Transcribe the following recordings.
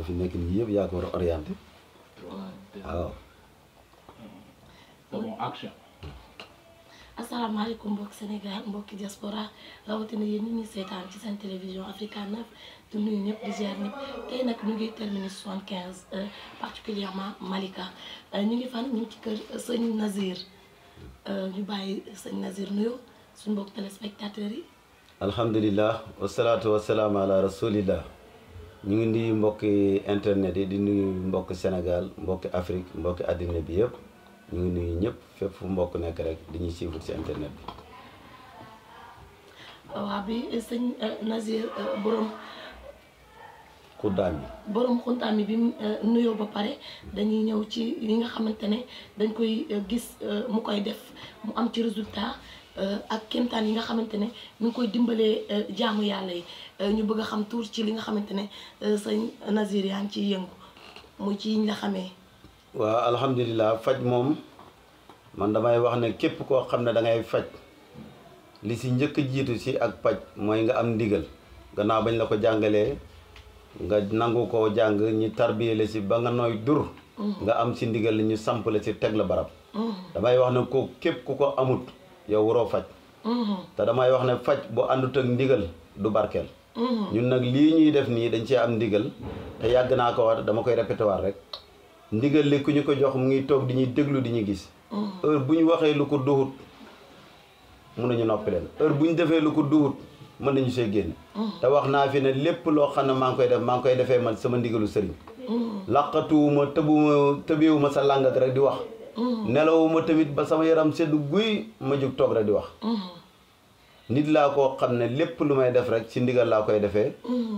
في المكان هي في أكبر أريان دي اه السلام عليكم بوك سنغال بوك ديسبورا راوتيني يني ني سيتان سي سان تيليفزيون افريكا 9 تمني نيب دي جار نيب كاين اك نوغي تيرميني 75 بارتيكولييرمان ماليكا نيغي فان نيم تي كير سيني نازير ني باي سيني نازير نيو سون بوك تيليسبيكتاتوري الحمد لله والصلاه والسلام على رسول الله ñu ngi nuyu mbokki internet yi di nuyu mbokk Sénégal mbokki Afrique mbokki àddina bi yëpp ñu ngi nuyu ñëpp fépp mbokk nekk rek di ñu suivre ci internet bi. waaw bi sëñ euh, Nazir euh, Borom. xuddaam bi borom xuddaam bi bi mu euh, nuyoo ba pare dañuy ñëw ci yi nga xamante ne dañ koy euh, gis euh, mu koy def mu am ci résultat ak kéemtaan yi nga xamante ne mi ngi koy dimbalee jaamu yàlla yi ñu bëgg a xam tuur ci li nga xamante ne sëñ Nazir yaa ngi ciy yëngu mu ci la xamee. waaw alhamdulilah faj moom man damay wax ne képp koo xam ne dangay faj li si njëkk jiitu si ak paj mooy nga am ndigal gannaaw bañ la ko jàngalee. nga nangu ko jàng ñu tarbiye la si ba nga nooy dur mm. nga am si ndigal ñu samp si teg la barab mm. damay wax ne ko képp ku ko amut yow waroo faj mm. te damay wax ne faj bu àndut ak ndigal du barkeel ñun nag lii ñuy def nii dañ cee am ndigal te yàgg naa ko wax dama koy répété waat rek ndigal li ku ñu ko jox mu ngi toog di ñuy déglu di ñu gis heure bu ñu waxee lu ko duhut nañu noppi leen heure bu ñu defee lu ko duhut man nañu see génn te wax naa fi ne lépp lo xamna ne ngi koy def maa ngi koy defee man sama ndigalu sëriñ laqatuuma tëbuwuma tebiwuma sa langat rek di wax nelawuma tamit ba sama yaram sedd guuy ma juk tok rek di wax nit la ko xamne lepp lépp lu may def rek ci ndigal la koy defé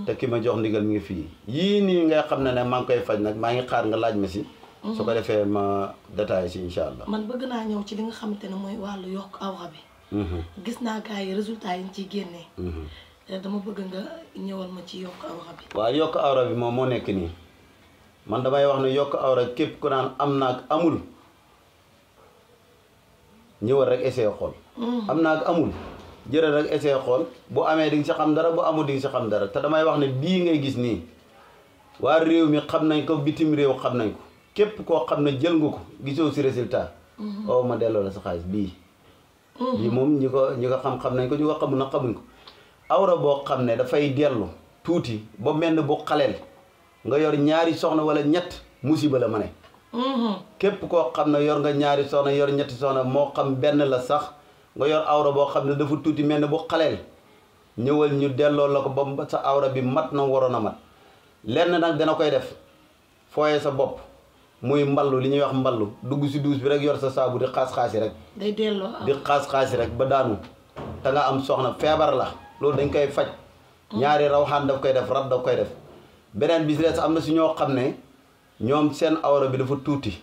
te kima jox ndigal mi ngi fi yi ni nga xamne ne mang koy faj nak ma ngi xaar nga laaj ma ci su ko defé ma detaay ci inshallah man bëgg na ñew ci li nga xamantene moy walu yok awra bi gis na ka yi résultat yi ci ciy génnee. Mhm. dama bëgg nga ñëwal ma ci yok awra bi. wa yok awra bi mo mo nekk ni man bay wax ne yok awra kep ku naan amna ak amul ñëwal rek essayé xol mhm. amna ak amul jëre rek essayé xol bu amé di nga xam dara bu amul di nga xam dara ta damay wax ne bi ngay gis ni waa réew mi xam nañ ko bitim réew xam nañ ko kep ko xamna jël nga ko gisoo résultat. Mhm. oo oh, ma delo la sa xaliss bi yi mm-hmm. moom ñi ko ñi ko xam-xam nañ ko ñu ko xamul na xamuñ ko awra boo xam ne dafay dellu tuuti ba mel ne bu xaleel nga yor ñaari soxna wala ñett musiba la ma ne mm-hmm. képp koo xam ne yor nga ñaari soxna yor ñetti soxna moo xam benn la sax nga yor awra boo xam ne dafa tuuti mel ne bu xaleel ñëwal ñu delloo la ko ba sa awra bi mat na waroon a mat lenn nag dana koy def fooye sa bopp muy mballu li ñuy wax mballu dugg si duus bi rek yor sa saabu di xaas-xaasi rek day delloo ah. di xaas-xaasi rek ba daanu te nga am soxna feebar la loolu dañ koy faj mm. ñaari rawxaan daf koy def rab daf koy def beneen bi si des am na si ñoo xam ne ñoom seen awra bi dafa tuuti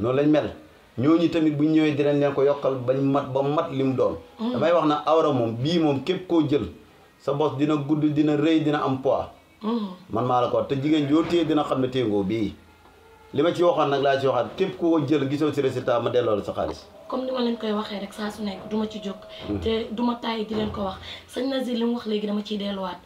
noonu lañ mel ñooñu tamit bu ñëwee dinañ leen ko yokkal ba mat ba mat li mu doon mm. damay wax na awra moom bii moom képp koo jël sa bos dina gudd dina rëy dina am poids mm. man maa la ko te jigéen joo téye dina xam ne téngoo bii li ma ci waxoon nag laa ci waxaat képp ku ko jël gisoo si résultat ma delloo la sa xaalis. comme ni ma leen koy waxee rek saa su nekk duma ci jóg. Hmm. te duma ma tàyyi di leen ko wax sëñ si li mu wax léegi dama ciy delluwaat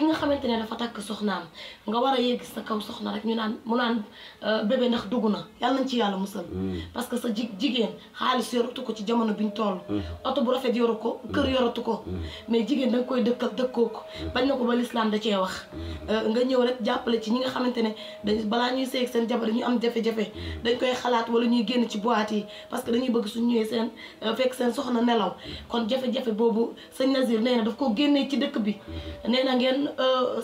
ki nga xamante ne dafa takk soxnaam nga war a yegg sa kaw soxna ñu naan mu naan euh, bébé ndax dugg na yàlla ci yàlla musal. Mm. parce que sa ji jigéen xaalis yoratu ko ci jamono biñ toll. Mm. oto bu rafet yoru ko mm. kër yoratu ko. mais jigéen da nga koy dëkkal dëkkoo ko bañ na ko ba lislaam da cee wax. Euh, nga ñëw rek jàppale ci ñi nga xamante ne dañ balaa ñuy seeg seen jabar ñu am jafe-jafe dañ koy xalaat wala ñuy génn ci boîte yi parce que dañuy bëgg suñ ñëwee seen euh, fekk seen soxna nelaw kon jafe-jafe boobu sëñ Nazir nee daf ko génnee ci dëkk bi nee ngeen Euh,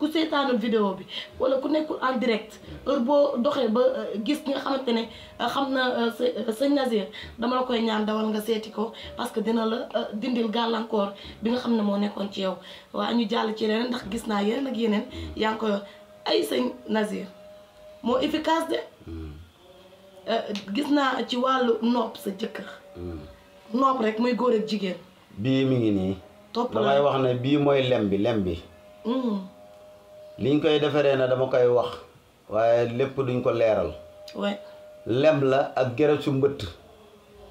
ku seetaanul vidéo bi wala ku nekkul en direct heure boo doxee ba euh, gis nga xamante ne euh, xam na sëñ Nazir dama la koy ñaan dawal nga seeti ko parce que dina la dindil gàllankoor bi nga xam ne moo nekkoon ci yow waa ñu jàll ci leneen ndax gis naa yeneen ak yeneen yaa ngi koy ay sëñ Nazir moo efficace de hmm. gis naa ci wàllu nopp sa jëkkër hmm. nopp rek muy góor jigéen bii mi ngi nii topp damay wax ne bii mooy lem bi lem bi Mm. liñ koy defaree na dama koy wax waaye lépp duñ ko leeral lem la ak gere su mbëtt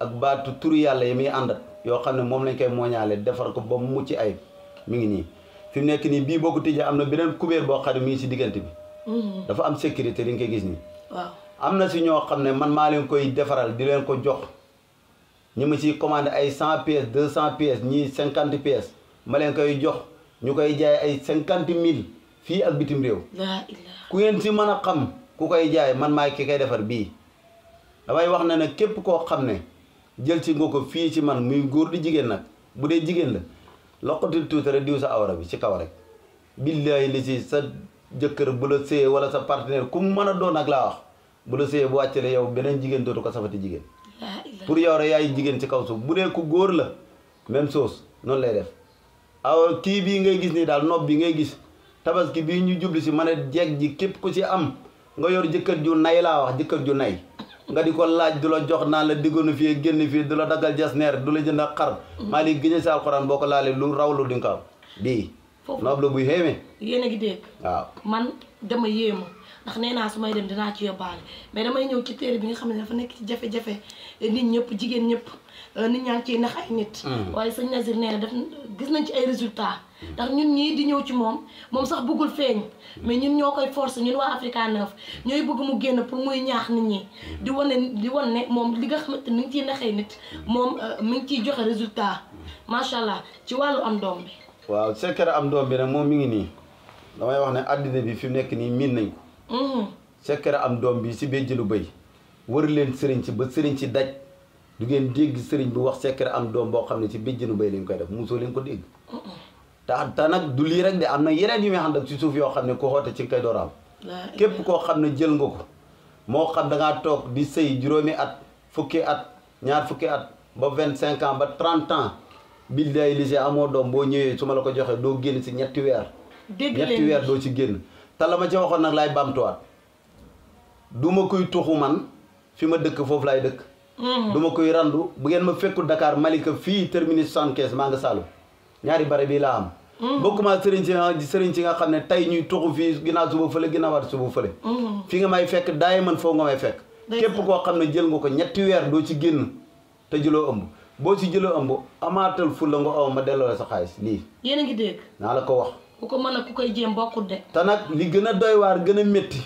ak baatu turu yàlla yi muy àndat yoo xam ne moom lañ koy mooñaale defar ko ba mu mucc ay mu ngi nii fi mu nekk nii bii boo ko tijjee am na beneen kubéer boo xam ne mi ngi si diggante bi mm. dafa am sécurité li nga koy gis nii am na si ñoo xam ne man maa leen koy defaral di leen ko jox ñi ma siy commandé ay cent pièces deux cent pièces ñii cinquante pièces ma leen koy jox ñu koy jaay ay 50000 fi ak bitim ilaha ku yeen si mëna xam ku koy jaay man may ki kay defar bi damay wax na nag képp ko xam ne jël ci ngoko fi ci man muy goor di jigen nak bu dee la lokotil tuuti rek diw sa awra bi ci kaw rek. billahi li ci sa jëkkër bu la sé wala sa partenaire ku mëna do nak la wax bu la sé bu la yow benen jigen dotu ko safati ilaha pour yow ra yaay jigen ci kaw su bu ku goor la même chose non lay def. aw kii bii ngay gis ni daal nopp bi ngay gis tabaski bii ñu jubli si mën a jeeg ji képp ku ci am nga yor jëkkër ju nay laa wax jëkkër ju nay nga di ko laaj du la jox naa la diggoonu fii génn fii du la daggal jasneer du la jënd mm-hmm. a xar maa li gëj si alxuraan boo ko laalee lu raw lu di nga ko am bii noob la buy xéeme a ngi waaw man dama yéemu ndax nee naa su may dem dinaa ci yóbbaale mais damay ñëw ci téere bi nga xam ne dafa nekk ci jafe-jafe nit ñëpp jigéen ñëpp euh, nit ñaa ngi ciy nax ay nit. Mm. waaye sëñ Nazir nee na gis nañ ci ay résultat ndax ñun ñii di ñëw ci moom moom sax bëggul feeñ. mais ñun ñoo koy forcer ñun waa Africa 9 ñooy bëgg mu génn pour muy ñaax nit ñi. di wane di wane ne moom li nga xamante ni mi ngi ciy naxee nit moom euh, mi ngi ciy joxe résultat macha allah ci wàllu am doom bi. waaw secret am doom bi nag moom mi ngi nii damay wax ne àddina bi fi mu nekk nii miin nañ ko. Mm-hmm. Sekkere am doom bi si béjjënu béy wër leen sëriñ si ba sëriñ si daj du ngeen dégg sëriñ bu wax Sekkere am doom boo xam ne si béjjënu béy lañ koy def mosoo leen ko dégg te te nag du lii rek de am na yeneen yu muy xam ne si suuf yoo xam ne ku xoote ci nga koy door képp koo xam ne jël nga ko moo xam da toog di sëy juróomi at fukki at ñaar fukki at ba vingt cinq ans ba trente ans billaay lycée amoo doom boo ñëwee su ma la ko joxee doo génn si ñetti weer ñetti weer doo ci génn te la ma waxoon nag laay baamtuwaat du ma koy tuxu man fi ma dëkk foofu laay dëkk. Mm-hmm. du ma koy randu bu ngeen ma fekkul dakaar Malika fii terminus 75 maa nga Saalum ñaari bare bii laa am. Mm-hmm. bokkuma sëriñ si sëriñ si nga xam ne tey ñuy tuxu fii ginnaaw suba fële ginnaawaat suba fële. Mm-hmm. fi nga may fekk daay man foofu nga may fekk. képp koo xam ne jël nga ko ñetti weer doo ci génn te jëloo ëmb. boo ci jëloo ëmb amaatal ful la nga ma delloo sa xaalis nii yéen a ngi dégg. la ko wax. ku ko mën a ku koy jéem bokkut de. te nag li gën a doy waar gën a métti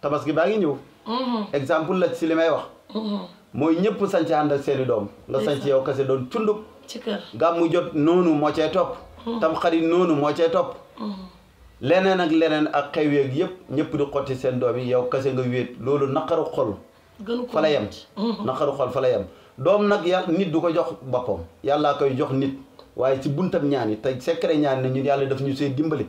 tabaski baa ngi ñëw. Mm-hmm. exemple la si li may wax. Mm-hmm. mooy ñëpp sañ ci ànd doom. nga sañ ci yow kese doon cundub. ci gàmmu jot noonu moo cee topp. Mm-hmm. tam xarit noonu moo cee topp. leneen ak leneen ak xew yeeg yëpp ñëpp di xotti seen doom yi yow kese nga wéet loolu naqaru xol. gënu ko fa la yem. naqaru xol fa la yem. doom nag yàlla nit du ko jox boppam yàllaa koy jox nit. waaye ci buntam ñaan yi tey secret ñaan ne ñun yàlla daf ñu see dimbali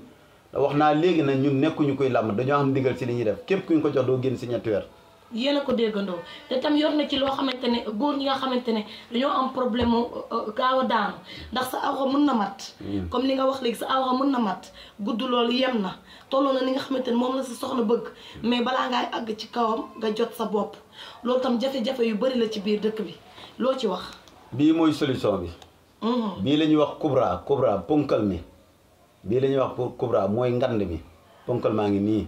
wax naa léegi nag ñun nekkuñu koy làmb dañoo am ndigal ci li ñuy def képp kuñ ko jox doo génn si ñetti weer yéen ko déggandoo te tam yoon na ci loo xamante ne góor ñi nga xamante ne dañoo am problème mu euh, euh, gaaw a daanu ndax mën na mat hmm. comme li nga wax léegi sa awra mën na mat gudd loolu yem na tolloo na ni nga xamante ne moom la sa soxna bëgg mais balaa ngay àgg ci kawam nga jot sa bopp loolu tam jafe-jafe yu bari la ci biir dëkk bi loo ci wax bii mooy solution bi Mm-hmm. bi lañ wax kubra kubra ponkal mi bi lañ ñuy wax kubra moy ngand mi ponkal ma ngi ni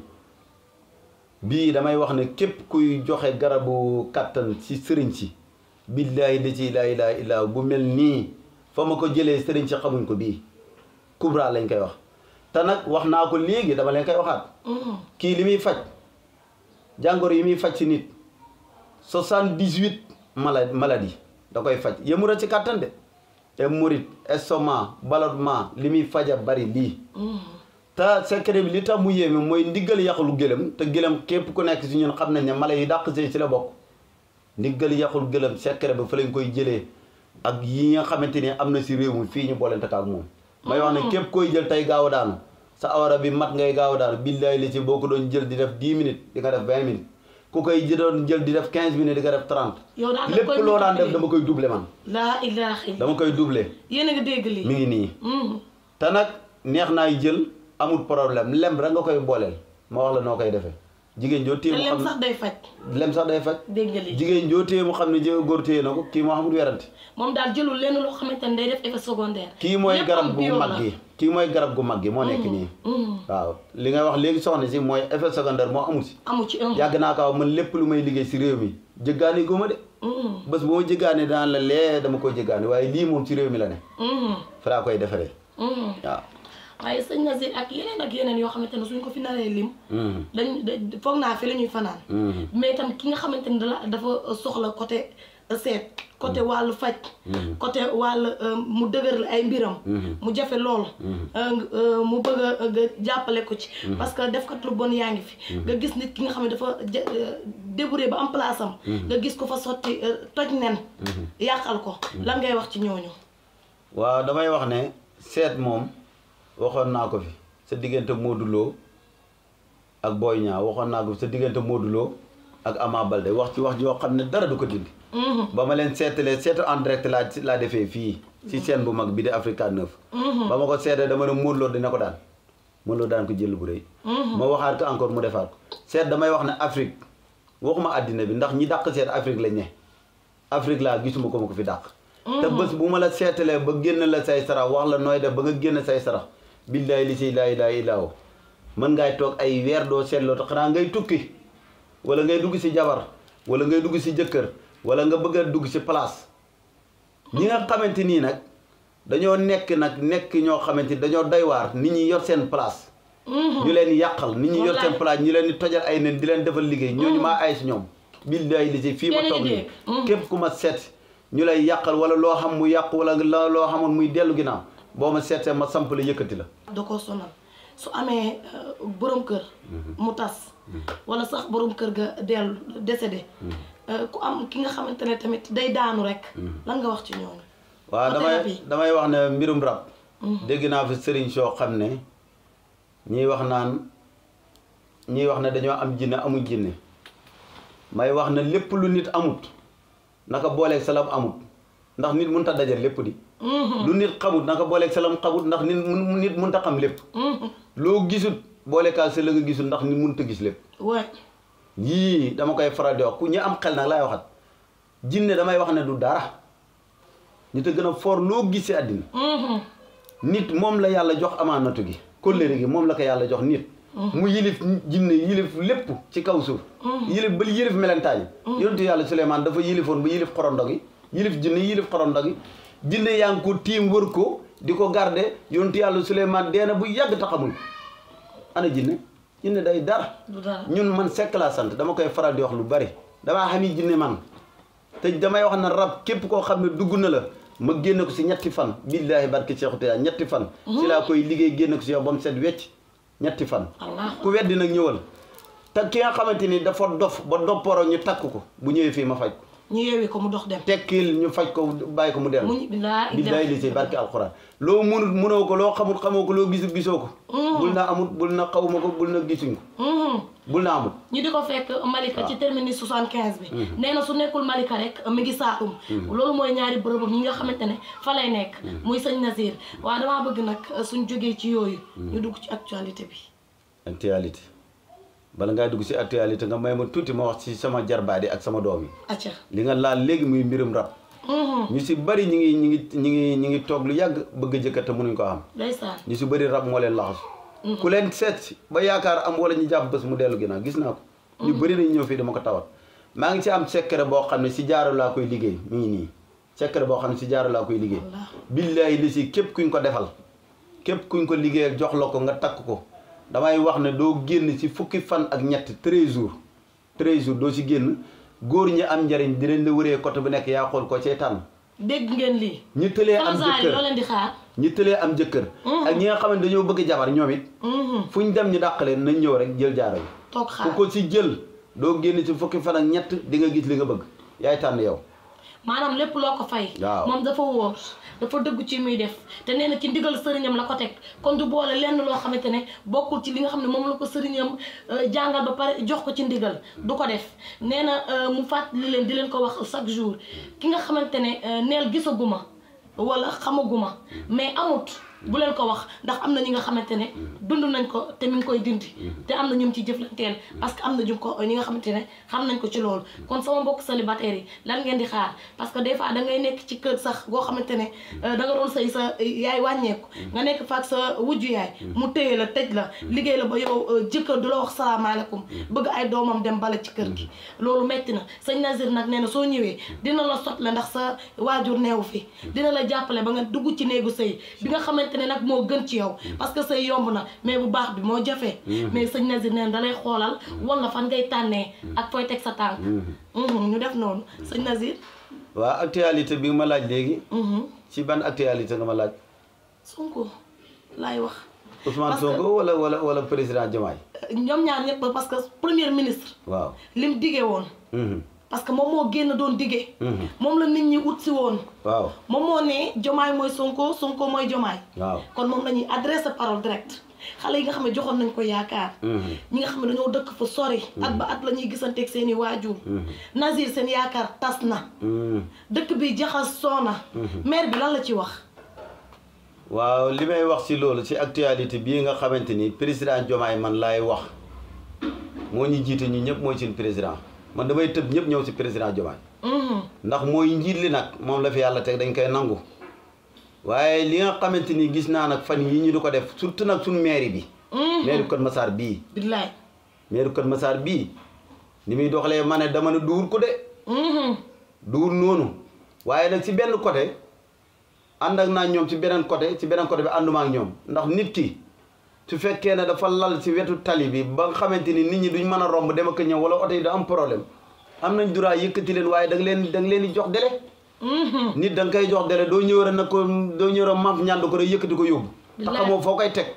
bi damay wax ne kep kuy joxe garabu katan ci sëriñ ci billahi la ci laa ilaaha illaa bu melni fama ko jele sëriñ ci xamuñ ko bi kubra lañ koy wax ta nak wax naa ko legi dama leen koy waxat mm-hmm. ki limi fajj faj yi muy nit 78 mala maladie da koy faj yëmura ci katan de te murit estomac ballottement li muy faja bari lii te secret bi li tax mu yéeme mooy ndiggal yaxul gëlëm te gëlëm képp ku nekk si ñun xam nañ ne mala yi dàq sëy si la bokk ndiggal yaxul gëlëm secret ba fa lañ koy jëlee ak yi nga xamante ni am na si réew mi fii ñu boolente ak moom may wax ne mm. képp koy jël tey gaaw daanu sa awara bi mat ngay gaaw daanu billaay li ci boo ko doon jël di def 10 minute di nga def 20 minutes ku koy doon jël di def 15 minutes di ko def 30. lépp loo daan def dama koy doublé man. laa ilaahi dama koy doublé. yéen a ngi dégg lii ngi nii. Mm. te nag neex naay jël amul problème lem rek nga koy booleel ma wax la noo koy defee. jigéen joo téye mu xam lem sax day faj. jigéen joo téye mu xam ne jë góor téye na ko kii moo xamul werante. moom daal jëlul loo xamante ne day def effet secondaire. kii mooy garab gu mag kii mooy garab gu mag gi moo nekk mm-hmm. nii. Mm-hmm. waaw li ngay wax léegi soxna si mooy effet secondaire moo amu si. amu ci yàgg naa kaaw man lépp lu may liggéey si réew mi jëggaani góoma de. Mm-hmm. bés bu ma jëggaani daan la lee dama koo jëggaani waaye lii moom si réew mi la ne. fa koy defaree. waaye sëñ Nazir ak yeneen ak yeneen yoo xamante ne suñ ko fi naree lim. dañ foog naa fi la ñuy fanaan. mais itam ki nga xamante ne dafa soxla côté seet. côté wàllu faj. côté wàll mu dëgër la ay mbiram. mu jafe lool. mu bëgg a nga jàppale ko ci. parce que def ko lu bon yaa ngi fi. nga gis nit ki nga xam ne dafa débrouillé ba am place am. nga gis ko fa sotti toj nen. yàqal ko lan ngay wax ci ñooñu. waaw damay wax ne seet moom. Wakon naa ko fi sa diggante modulo ak Boy nya waxoon naa ko sa modulo ak Ama Balde wax ci wax jo xamne dara du ko dindi. Mm-hmm. ba ma leen seetalee seetu en direct la la defee fi ci mm-hmm. chaîne bu mag bi di Africa 9. Mm-hmm. ba ma ko seetee dama ne modulo Lo dina ko daan Modou Lo daan ko jël bu reuy ma waxat ko encore mu defaat ko damay wax ne Afrique waxuma adina bi ndax ñi dakk Afrique la ñe Afrique la gisuma ko mako fi dakk te bu la ba la say wax la ba billaay li si laay laay laaw mën ngay toog ay weer doo seetloo te xanaa ngay tukki wala ngay dugg si jabar wala ngay dugg si jëkkër wala nga bëgg dugg si place ñi nga xamante nii nag dañoo nekk nag nekk ñoo xamante ni dañoo day waar nit ñi yor seen place. Mm-hmm. ñu leen yàqal nit ñi yor seen place ñu leen di tojal ay nen di leen defal liggéey mm-hmm. ñooñu maa ay si ñoom. billaay li si fii ma toog nii mm-hmm. képp ku ma seet ñu lay yàqal wala loo xam mu yàq wala loo xamoon muy dellu ginnaaw. boo ma seetee ma samp la yëkkati la. da ko sonal su amee euh, borom kër. mu tas. wala sax borom kër ga dellu décédé. Euh, ku am ki nga xamante ne tamit day daanu rek. lan nga wax ci ñooñu. waaw damay damay wax ne mbirum rab. Mm-hmm. dégg naa fi sëriñ soo xam ne ñuy wax naan ñuy wax ne dañoo am jinne amul jinne may wax ne lépp lu nit amut naka booleeg salam amut ndax nit mënut a dajal lépp di. Mm-hmm. lu nit xamut na nga booleeg sa lam xamut ndax nit mun nit mënut a xam lépp. Mm-hmm. loo gisut boolekaal sa la nga gisul ndax nit mun a gis lépp. waay. yii dama koy faral di wax ku ñu am xel nag laay waxat jinne damay wax ne du dara ñu te gën a foor loo gisee àddina. Mm-hmm. nit moom la yàlla jox amaanatu gi. kóllëre gi moom la ko yàlla jox nit. mu yilif jinne yilif lépp ci kaw suuf. yilif ba yilif melentaan yi. yonentu yàlla Suleymaan dafa yilifoon ba yilif xorondog yi yilif jinne jinne yaa ko tiim wër ko di ko garde yontu yàlla Suleymaan dee na bu yàgg taxamul ana jinne jinne day dara ñun man sekk laa sant dama koy faral di wax lu bari damaa xami jinne man te damay wax na rab képp koo xam ne dugg na la ma génn ko si ñetti fan billaahi barke Cheikh Oudia ñetti fan si laa koy liggéey génn ko si yow ba mu set wecc ñetti fan ku weddi nag ñëwal te ki nga xamante ni dafa dof ba dopporo ñu takk ko bu ñëwee fii ma faj ñu yeewee ko mu dox dem. tekkil ñu faj ko bàyyi ko mu dem. mu bilaay bilaay lisee barke alxuraan. loo mënut munoo ko loo xamul xamoo ko loo gisul gisoo ko. Mm-hmm. bul na amut bul na xawma ko bul na gisuñ ko. Mm-hmm. bul na amut. ñu di ko fekk Malika ah. ci terminus 75 bi. Mm-hmm. nee na su nekkul Malika rek mi ngi saatum. loolu mooy ñaari bërëbam ñi nga xamante ne fa lay nekk. muy sëñ Nazir waaw damaa bëgg nag suñ jógee ci yooyu. ñu dugg ci actualité bi. actualité. bala ngaa dug si actualité nga may ma ma wax ci sama jarbaade ak sama doomi acca li nga la léegi muy mbirum hmm ñu ci bari ñi ngi ñi ngi ñi ngi tok set lu yàgg bëgg jëkëta mënuñ ko am. ndeysaan ñu ci bari rap mo leen laax mm-hmm. ku leen set si ba yaakar am wala ñu japp bëss mu delu gina gis na ko. ñu mm-hmm. bari nañ ñëw fi dama ko tawat. ma ngi si am secret bo xam ci jaaru la koy liggéey mi ni secret bo ci jaaru la koy liggéey. billahi li ci kep kuñ ko defal kep kuñ ko liggéey jox lako nga takko damay wax ne doo génn ci fukki fan ak ñett treize jours treize jours doo ci génn góor ñi am njariñ dinañ la wëree côté bu nekk yaa xool ko cay tànn. dégg ngeen lii. ñi tëlee am jëkkër loo di xaar. ñi tëlee am jëkkër. Mm-hmm. ak ñi nga xamante dañoo bëgg jabar ñoom it. Mm-hmm. fu ñu dem ñu dàq leen nañ ñëw rek jël jaaro yi. toog xaar ku ko ci jël doo génn ci fukki fan ak ñett di nga gis li nga bëgg yaay tànn yow. maanaam lépp loo ko fay moom dafa wóor dafa dëgg ci muy def te nee na ci ndigal sëriñam la ko teg kon du boole lenn loo xamante ne bokkul ci li nga xam ne moom la ko sëriñam euh, jàngal ba pare jox ko ci ndigal du ko def nee na euh, mu fàttali leen di leen ko wax chaque jour ki nga xamante ne euh, neel gisaguma wala xamaguma mais amut bu leen ko wax ndax am na ñi nga xamante ne mhm. dund nañ ko te mu ngi koy dindi mhm. te am na ñu ci jëflanteel mhm. parce que am na ñu ko ñi nga xamante ne xam nañ ko ci loolu kon sama mbokk célibataire yi lan ngeen di xaar parce que des fois da nekk ci kër sax goo xamante ne euh, da doon say sa euh, yaay wàññeeku nga nekk faak sa wujju yaay mu téye la tëj la liggéey la ba yow euh, jëkkër du la wax salaamaaleykum bëgg ay doomam dem bala ci kër gi loolu metti na sëñ Nazir nag nee na soo ñëwee dina la sot la ndax sa waajur neewu fi dina la jàppale ba nga dugg ci néegu sëy bi nga xamante xamante ne nag moo gën ci yow mm. parce que sëy yomb na mais bu baax bi moo jafe mm. mais sañ Nazir neen dalay xoolal mm. wan la fan ngay tànnee ak fooy teg sa tànk mm-hmm, ñu def noonu sañ Nazir waaw actualité bi ma laaj léegi mm-hmm. ci ban actualité nga ma laaj Sonko laay wax Ousmane Sonko wala wala wala président Diomaye ñoom ñaar ñëpp parce que premier ministre waaw lim digee woon mm-hmm. parce que moom moo génn doon diggee. Mhm. moom la nit ñi ut si woon. waaw moom moo ne jomaay mooy sonko sonko mooy jomaay. waaw kon moom la ñuy adressé parole direct xale yi nga xam ne joxoon nañ ko yaakaar. Mhm. ñi nga xam ne dañoo dëkk fa sori. Mhm. at ba at la ñuy gisanteeg seeni i waajur. Nazir seen yaakaar tas na. dëkk bi jaxasoo na. maire bi lan la ci wax. waaw li may wax si loolu si actualité bii nga xamante ni président jomaay man laay wax moo ñu jiite ñu ñëpp mooy seen président. man damay tëb ñëpp ñëw si président Diomaye mm-hmm. ndax mooy njiit li nag moom la fi yàlla teg dañ koy nangu waaye li nga xamante ni gis naa nag fan yi ñu di ko def surtout nag suñ mairie bi mm-hmm. mairie Kër Massar bii billaay mairie Kër Massar bii ni muy doxalee ma ne dama ne duur ko de mm-hmm. duur noonu waaye nag si benn côté ànd ak naa ñoom si beneen côté si beneen côté bi ànduma ak ñoom ndax nit su fekkee ne dafa lal ci wetu tali bi ba xamante ni nit ñi duñ mën a romb dem ak ñëw wala oto yi da am problème am nañ droit yëkkati leen waaye da leen da leen di jox délai. Mm-hmm. nit da koy jox délai doo ñëw rek nag ko doo ñëw rek maam ñànd ko rek yëkkati ko yóbbu. te xamoo foo koy teg.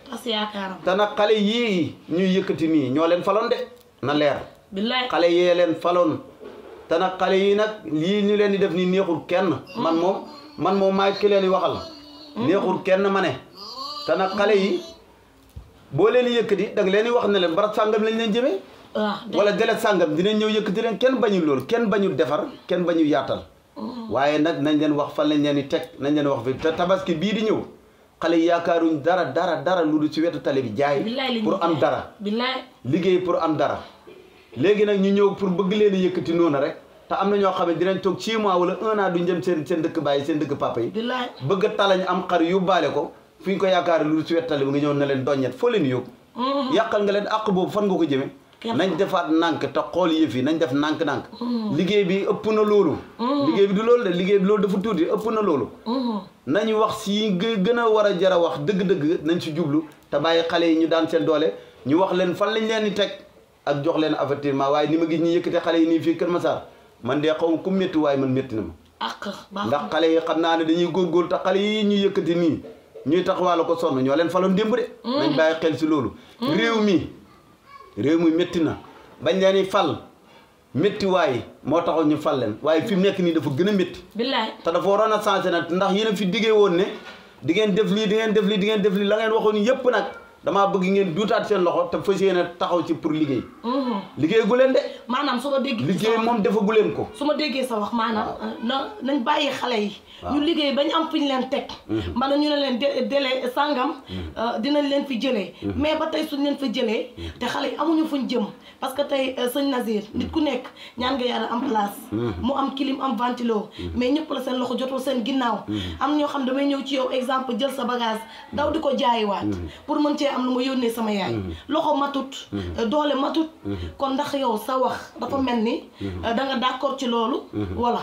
te nag xale yii ñuy yëkkati nii ñoo leen faloon de na leer. billaay xale yee leen faloon. te nag xale yii nag lii ñu leen di def nii neexul kenn. man moom man moom maay ki leen di waxal. Mm-hmm. neexul kenn ma ne. boo leen yëkkati da nga leen wax ne leen barab sàngam lañ leen jëmee ah, wala delet sàngam dinañ ñëw yëkkati leen kenn bañu lool kenn bañu defar kenn bañu yaatal mm-hmm. waaye nag nañ leen wax fan lañ leen di teg nañ leen wax fi te tabaski bii di ñëw xale yaakaaruñ dara dara dara lu dul ci wetu tali bi jaay pour am dara liggéey pour am dara léegi nag ñu ñëw pour bëgg leen yëkkati noonu rek te am na ñoo xam ne dinañ toog six mois wala un an duñ seen seen dëkk bàyyi seen dëkk papa yi bëgg talañ am xar baale ko fi ñu ko yaakaar lu ci wettali bi nga ñëw ne leen doññet foo leen yóbbu mm-hmm. yàqal nga leen àq boobu fan nga ko jëme nañ defaat nànk te xool yëf yi nañ def nànk-nànk mm-hmm. liggéey bi ëpp na loolu mm-hmm. liggéey bi du loolu de liggéey bi loolu dafa tuuti ëpp na loolu nañ wax si gë gën a war a jar a wax dëgg-dëgg nañ si jublu te bàyyi xale yi ñu daan seen doole ñu wax leen fan lañ leen di teg ak jox leen avertissement waaye ni ma gis ñu yëkkate xale yi nii fii Kër Massar man dee xaw ma ku métti waaye man métti na ma ndax xale yi xam naa ne dañuy góorgóor te xale yi ñu yëkkati nii ñuy tax taxawaale ko sonn ñoo leen faloon démb de. Mm. nañ bàyyi xel si loolu. Mm. réew mi réew mi métti na bañ leen fal métti waaye moo taxaw ñu fal leen waaye fi mu nekk nii dafa gën a métti. billaay te dafa waroon a changé nag ndax yéen a fi diggee woon ne di ngeen def lii di ngeen def lii di def lii la ngeen waxoon yëpp nag. damaa bëgg ngeen duutaat seen loxo te fas yéene taxaw ci pour liggéey. Mhm. liggéey gu leen de. maanaam su ma déggi moom defagu leen ko. su ma déggee sa wax maanaam euh, na nañ bàyyi xale yi. ñu liggéey bañ am fuñ leen teg. Mhm. mbala ñu ne leen délai sangam. Mhm. Euh, dinañ leen fi jëlee mm-hmm. mais ba tey suñ leen fa jëlee mm-hmm. te xale yi amuñu fuñ jëm parce que tey euh, sëñ Nazir nit ku nekk ñaan nga yàlla am place mm-hmm. mu am clim am ventilo mais ñëpp la seen loxo joto seen ginnaaw am ñoo xam damay ñëw ci yow exemple jël sa bagage daw di ko jaayiwaat pour mën cee am lu ma yónnee sama yaay loxo matut euh, doole matut kon ndax yow sa wax dafa mel ni da nga d'accord ci loolu wala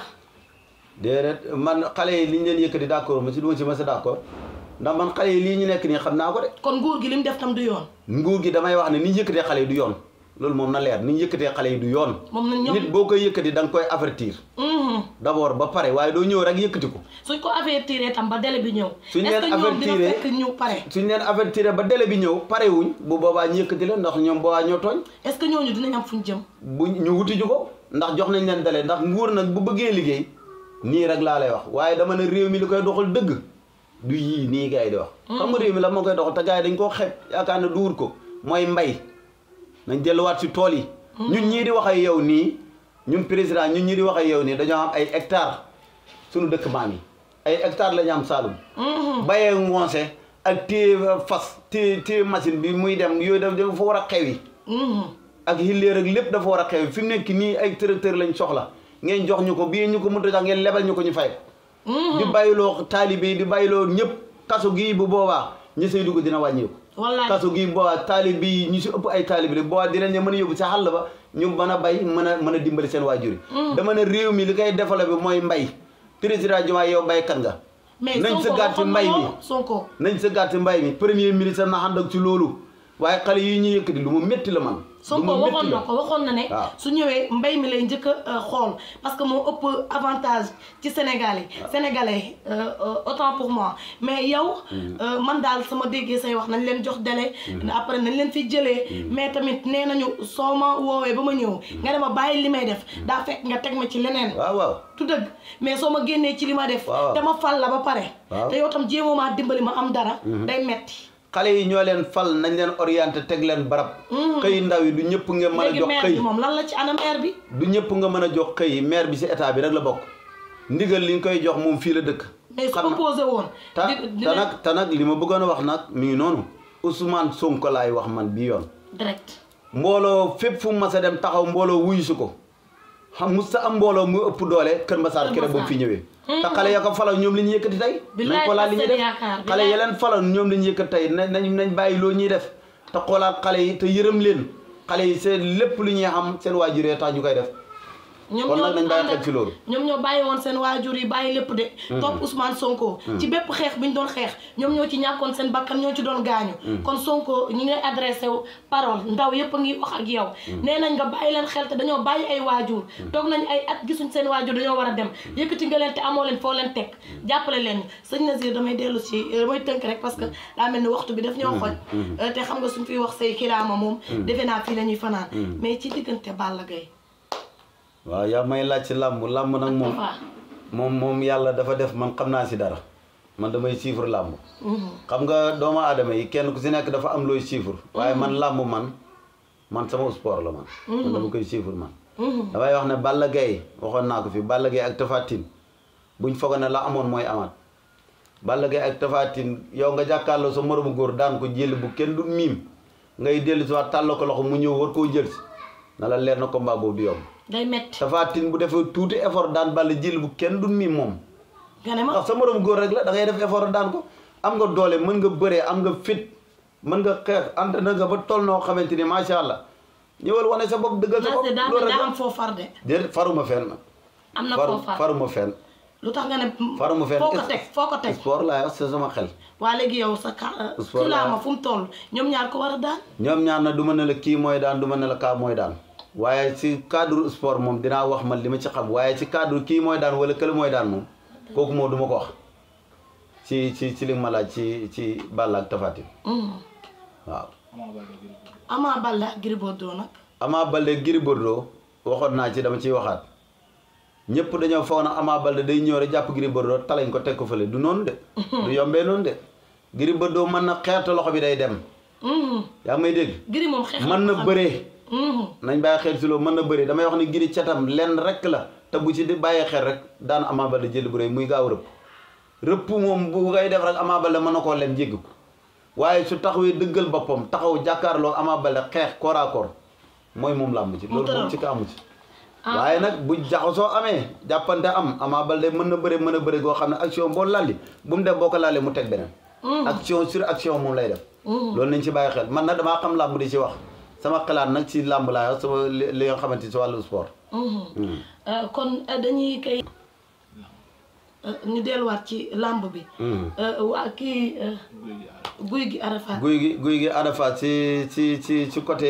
déedéet man xale yi liñ leen yëkkati d'accord ma si duma ci ma sa ndax man xale yi lii ñu nekk nii xam naa ko de. kon nguur gi li mu def tam du yoon. nguur gi damay wax ne ni ñu yëkkatee xale yi du yoon loolu moom na leer ni ñu yëkkatee xale yi du yoon. nit boo koy yëkkati da koy avertir. Mm-hmm. d' ba pare waaye doo ñëw rek yëkkati ko. suñ ko avertiré tam ba délai bi ñëw. suñ leen avertiré est ce ñu pare. suñ leen avertiré ba délai bi ñëw pare wuñ bu boobaa ñu yëkkati leen ndax ñoom boobaa ñoo tooñ. est ce que ñooñu dinañ am fuñ jëm. bu ñu wuti ju ko ndax jox nañ leen délai ndax nguur nag bu bëggee liggéey nii rek laa lay wax waaye dama ne réew mi li koy doxal dëgg du yii nii gars yi di wax. Hmm. xam nga réew mi la moo koy doxal te gars yi dañ koo xeeb yaakaar ne duur ko mooy mbay nañ delluwaat si tool yi. Hmm. ñun ñii di wax ak yow nii ñun président ñun ñii di wax ak yow nii dañoo am ay hectares suñu dëkk maam yi ay hectares la ñu am Saloum. Hmm. bayee ngoonse ak téye fas téye téye machine bi muy dem yooyu dafa war a xew yi. ak hilléer ak lépp dafa war a xew fi mu nekk nii ay tracteur lañ soxla ngeen jox ñu ko bii ñu ko mënut a jox ngeen lebal ñu ko ñu fay ko Mm-hmm. di bàyyiloo taalibe yi di bàyyiloo ñëpp kaso gii bu boobaa ñi say dugg dina wàññeeku kaso gii bu boobaa taalib bi ñu si ëpp ay taalibi la boobaa dinañ ne mën a yóbbu si xàll ba ñu mën a bay mën a mën a dimbali seen waajur yi mm-hmm. dama ne réew mi li koy développé mooy mbay président Diomaye yow baykat nga nañ sa gàtt mbay mi Sonko nañ sa gàtt mbay mi premier ministre na ànd ak ci loolu waaye xale yi ñu yëkkati lu mu métti la man Sonko waxoon na ko waxoon na ne ah. su ñëwee mbay mi lay njëkk euh, xool parce que moo ëpp avantage ci ah. sénégalais sénégalais euh, euh, autant pour moi mais yow mm-hmm. man daal sama déggee say wax nañ leen jox délai mm-hmm. après nañ leen fi jëlee mm-hmm. mais tamit nee nañu soo ma woowee ba ma ñëw nga dama bàyyi li may def daa fekk nga teg ma ci leneen waaw tu dëgg mais soo ma génnee ci li ma def dama fal la ba pare te yow tam jéemoo maa dimbali ma am dara day metti xale yi ñoo leen fal nañ leen orienté teg leen barab. Hmm. xëy ndaw yi du ñëpp nga mën a jox xëy léegi moom lan la ci ana maire bi. du ñëpp nga mën a jox xëy maire bi si état bi rek la bokk ndigal li liñ koy jox moom fii la dëkk. xam na woon. te nag te nag li ma bëggoon a wax nag mi ngi noonu Ousmane Sonko laay wax man bi yoon. direct. mbooloo fépp fu mu mas dem taxaw mbooloo wuyu si ko. xam mu sa am mbooloo mu ëpp doole Kër Massar kere bu fi ñëwee hmm. te xale ya ko faloon ñoom li ñu yëkkati tey nañ ko laal li ñuy def xale ya leen faloon ñoom li ñu yëkkati tey nañ nañ bàyyi loo ñuy def te xoolaat xale yi te yërëm leen xale yi seen lépp lu ñuy xam seen waajur yi tax ñu koy def ñoom ñoo nañ bàyyi xel ci loolu ñoom ñoo bàyyi woon seen waajur yi bàyyi lépp de mm-hmm. topp Ousmane Sonko mm-hmm. ci bépp xeex bi ñu doon xeex ñoom ñoo ci ñàkkoon seen bakkan ñoo ci doon gaañu mm-hmm. kon Sonko ñi ngi lay adressé wu parole ndaw yëpp a ngi wax ak yow nee nañ nga bàyyi leen xel te dañoo bàyyi ay waajur toog nañ ay at gisuñ seen waajur dañoo war a dem yëkkati nga leen te amoo leen foo leen teg jàppale leen sëñ Nazir damay dellu si euh, damay tënk rek parce que daa mel ni waxtu bi def ñoo xooj euh, te xam nga suñ fiy wax say kilaama moom defe naa fii la ñuy mais ci diggante Balla Gaye wa ya may lacc lamb lamb nak mom mom mom yalla dafa def man xamna ci si dara man damay chiffre lamb mhm. xam nga doomu adama yi kenn ku ci nek dafa am loy chiffre waye man mhm. lamb man man sama sport la man mhm. man dama koy chiffre man damay wax ne Balla gay waxon nako fi Balla gay ak Tapha buñ fogané la amone moy amat Balla gay ak Tapha yow nga jakarlo so moromu gor dan ko jël bu kenn du mim ngay delu si waat loxo mu ñew war ko jël na la leer combat yow day metti Tapha Tine bu defee tuuti effort daan Balla jël bu kenn du mii moom. nga ne ma ndax sa morom góor rek la da def effort daan ko am nga doole mën nga bëree am nga fit mën nga xeex entraîné nga ba toll noo xamante ni macha allah ñëwal wane sa bopp dëggal sa bopp. loolu rek daa foo far de. déedéet faruma fenn. am na foo far faruma fenn. lu tax nga ne. faruma fenn foo ko teg foo ko teg sport laa yor c'est sama xel. waa léegi yow sa ka. sport laa ma fu mu toll ñoom ñaar ko war a daan. ñoom ñaar na du ma ne la kii mooy daan du ma ne la kaa mooy daan. waye ci cadre sport mom dina wax man lima ci xam waye ci cadre ki moy daan wala kel moy daan mom koku mo duma ko wax ci ci ci li ma ci ci balak tafati waaw Ama balla ak Gris mm-hmm. Ama Baldé ak Gris Bordeaux ci dama ci waxat ñepp dañu fawna Ama Baldé day ñëw rek jàpp Gris talañ ko teg ko fële du non de mm-hmm. du yombee non de Gris Bordeaux na xéta loxo bi day dem hmm ya may xéx man na bëree Mm-hmm. nañ bàyyi xel si loolu mën na bëri damay wax ni giri catam lenn rek la te bu ci bàyyi bàyyee xel rek daan Ama Baldé jël bu rëy muy gaaw rëpp rëpp moom bu ngay def rek Ama Baldé mën na koo lem jéggi ko waaye su taxawee dëggal boppam taxaw jàkkaarloo Ama Baldé xeex corps mooy moom la amu ci loolu ci ka ah. amu ci waaye nag bu jaxasoo amee jàppante am Ama Baldé mën na bëre mën a bëre goo xam ne action boo lalli bu mu def boo ko lalli mu teg beneen mm. action sur action moom lay def mm-hmm. loolu nañ ci bàyyi xel man nag damaa xam làmb di ci wax sama xalaat nag ci làmb laa sama li nga xamante ni si wàllu sport. Mm-hmm. Mm. Euh, kon euh, dañuy kay. Euh, ñu delluwaat ci làmb bi. Mm. kii guy gi Arafat. guy gi guy gi Arafat si ci si ci côté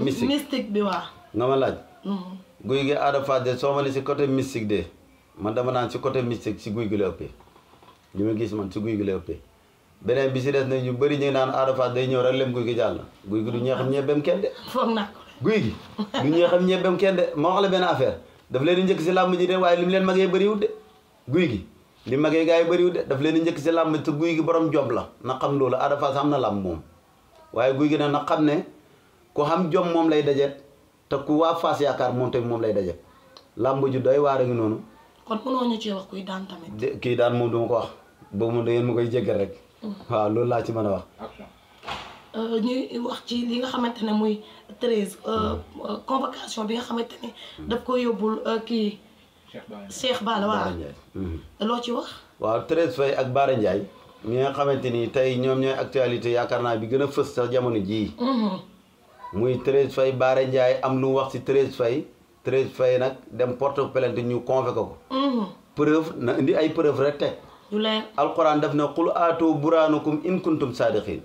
mystique. mystique bi waa. nga ma laaj. Mm-hmm. guy gi Arafat de soo ma ne ci côté mystique de man dama naan ci côté mystique si guy gi la ëppee li ma gis man ci guy gi la ëppee. beneen bi si des na ñu bëri ñu naan Ada Fass day ñëw rek lem guy gi jàll guy gi du ñeexam ñebeem kenn de foog naa ko guy gi du ñeexam ñebeem kenn de ma wax la benn affaire daf leen di njëkk si làmb ji de waaye li mu leen magee bëriwut de guy gi li magee gaa yi bëriwut de daf leen di njëkk si làmb te guy gi borom jom la na xam loolu Ada Fass am na làmb moom waaye guy gi nag na xam ne ku xam jom moom lay dajet te ku waa Fass yaakaar moom tamit moom lay dajet làmb ju doy waar a noonu kon mënoo ñu ci wax kuy daan tamit kii daan moom du wax boobu moom da ngeen ma koy jéggal rek waaw loolu laa ci mën a wax. Euh, ñuy wax ci li nga xamante ne muy treize euh, euh, convocation bi nga xamante ne daf ko yóbbul kii. Cheikh Bara waaw mhm. loo ci wax. waaw Thérèse Faye ak Bara Ndiaye. mi nga xamante ni tey ñoom ñooy actualité yaakaar naa bi gën a fës sax jamono jii. Mhm. muy Thérèse Faye Bara Ndiaye am lu wax si Thérèse Faye Thérèse Faye nag dem porte plainte ñu convoqué ko. Mhm. preuve na indi ay preuve rek teg. du def na daf ne qul aatu buraanukum in kuntum saadiqin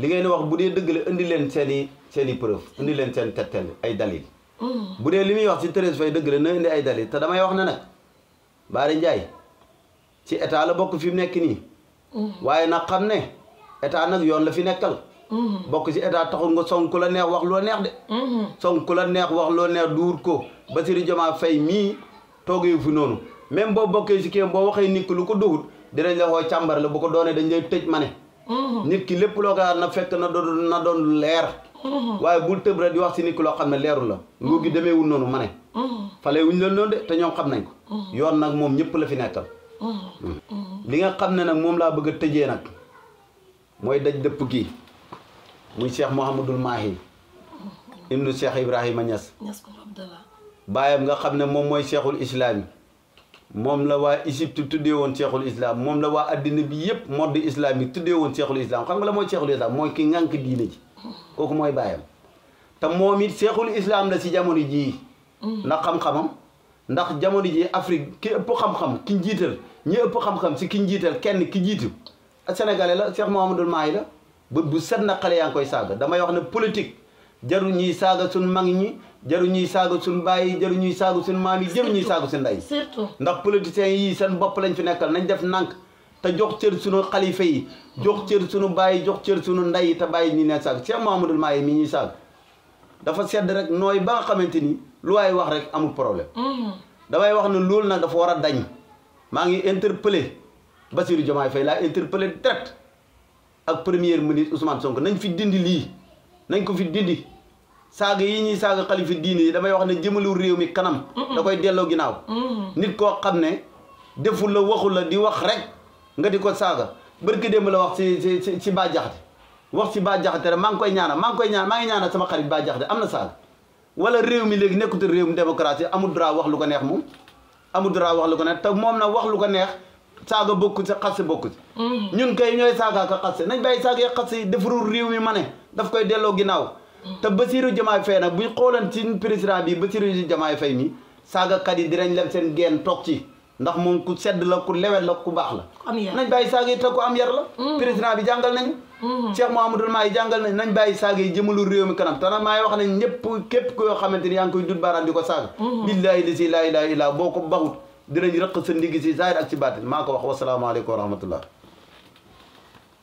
li ngeen wax bu dee dëgg la indi leen seeni seeni seen i preuve indi leen seen tegtal ay dalil bu dee li muy wax ci Thérèse Faye dëgg la na indi ay dalil te damay wax ne nag Baari Ndiaye ci état la bokk fi mu nekk nii waaye nag xam ne état nag yoon la fi nekkal bokk si état taxul nga song ku la neex wax loo neex de song ku la neex wax loo neex duur ko Bassirou Diomaye Faye mii toogee fu noonu même boo bokkee si kéem boo waxee nit ku lu ko duwut dinañ la woo càmbar la bu ko doonee dañ lay tëj ma ne mm-hmm. nit ki lépp loo kaa na fekk na doon na doon leer mm-hmm. waaye bul tëb rek di wax si nit ki loo xam ne leeru la mm-hmm. nguur gi demeewul noonu ma ne fale wuñ leen noonu de te ñoom xam nañ ko yoon nag moom ñëpp la fi nekkal mm. li nga xam ne nag moom laa bëgg a tëjee nag mooy daj dëpp gi muy Cheikh Mouhamadul Mahi ibnu Cheikh Ibrahima ñas baayam nga xam ne moom mooy cheikhul yi moom la waa Égypte tuddee woon cheikhul islam moom la waa àddina bi yëpp mode islamique tuddee woon cheikhul islam xam nga la mooy cheikhul islam mooy ki ngànk diine ji kooku mooy bàyyam te moom it cheikhul islam la si jamono jii mm. ndax xam-xamam ndax jamono ji Afrique ki ëpp xam-xam ki njiital ñi ëpp xam-xam si ki njiital kenn ki jiitu sénégalais la Cheikh Mouhamadoul Mahi la bët bu set na xale yaa ngi koy saaga damay wax ne politique jarul ñuy saaga suñ mag ñi jaru ñuy saaga suñu bàyyi jaru ñuy saaga suñu maam yi jaru ñuy saaga suñu ndey surtout ndax politiciens yii seen bopp lañ fi nekkal nañ def nànk te jox cër suñu xalifa yi jox cër suñu bàyyi jox cër suñu ndey te bàyyi ñu ne saaga Cheikh Mahamadul Maaye mi ñuy saaga dafa sedd rek nooy ba xamante ni lu waay wax rek amul problème mm-hmm. damay wax ne loolu nag dafa war a dañ maa ngi interpellé jomaa Diomaye Faye laa interpellé direct ak premier ministre Ousmane Sonko nañ fi dindi lii nañ ko fi dindi saaga yi ñuy saaga xalifa diine yi damay wax ne jëmalul réew mi kanam da koy delloo ginnaaw nit koo xam ne deful la waxul la di wax rek nga di ko saaga bërki démb la wax ci ci ci Bah wax si Bah Diakhaté rek maa ngi koy ñaana maa ngi koy ñaan maa ngi ñaanal sama xarit Bah Diakhaté am na saaga wala réew mi léegi nekkutul réew mi démocratie amul droit wax lu ko neex moom amul droit wax lu ko neex te moom na wax lu ko neex saaga bokku si xase bokku si mm-hmm. ñun kay ñooy saaga ka xase nañ bàyyi saaga yi xase réew mi ma ne daf koy delloo ginnaaw te Bassirou Diomaye Faye nag buñ xoolan ci président bi Bassirou fay Faye mi kat yi dinañ leen seen geen toog ci ndax moom ku sedd la ku lewel la ku baax la nañ bàyyi saaga yi te ku am yar la mm. président bi jàngal nañu mm-hmm. Cheikh Mouhamadou Mahi jàngal nañ nañ bàyyi saaga yi jëmalu réew mi kanam te nag maay wax ne ñëpp képp koo xamante ni yaa ngi koy dut baaraam di ko saaga mm-hmm. billaahi la si laa ilaaha illaa boo ko baxut dinañ rëq sa ndigg si zahir ak si